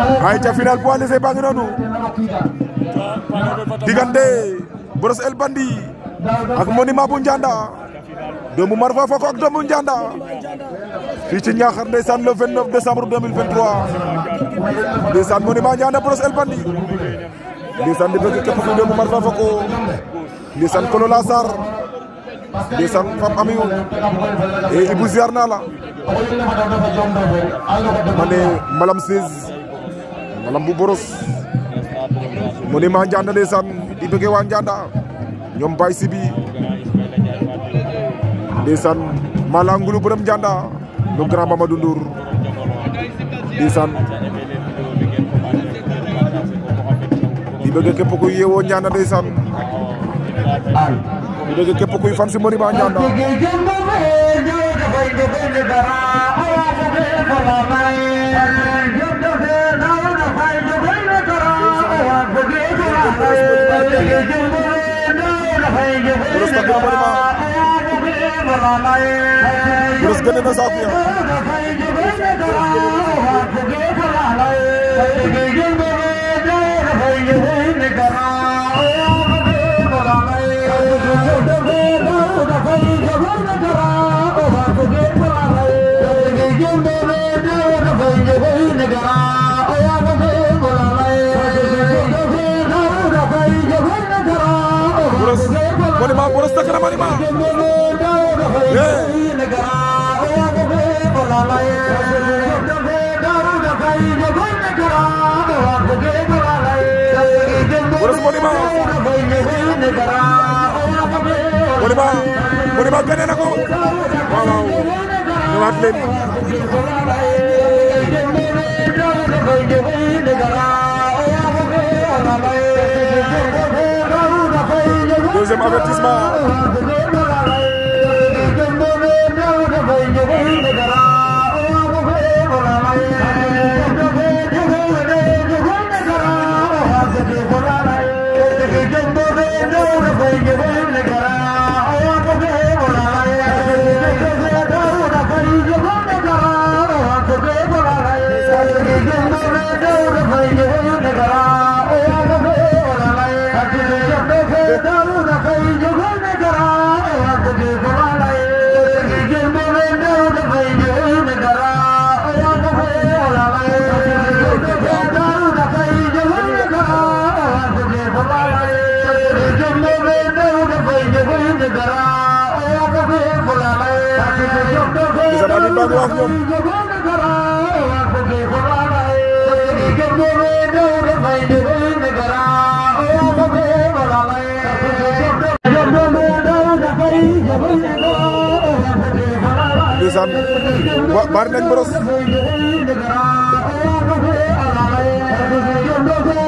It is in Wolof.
Aïcha final poids léger baa ngi noonu diggante Brosse El Bandi ak monument demu Ndianda doomu Marfa Foko ak doomu Ndianda fii ci le 29 décembre 2023 ndeysaan monument Ndianda Brosse El Bandi ndeysaan di bëgg demu kuy doomu Marfa Foko ndeysaan Kolo Lassar ndeysaan Pape Amiou e eh, Ibu ziar la ma Malam Siis malam bu boros mu ma Ndianda di beugé wa janda ñom bay Sibi ndeysaan mala ngulu borom janda le grand Mamadou Ndour di bëgge képp kuy yeewoo Ndianda ndeysaan di beugé kep kuy fan mune ma janda Burası takım barıma. Burası gönlü nasıl akıyor? Oh, yeah. 말이마 보라스타 카라 말이마 예 보라스 말이마 말이마 말이마 빼내라고 와우 너 아틀레니 Marvel Tismar. اوي باغواں نگران او پري هوا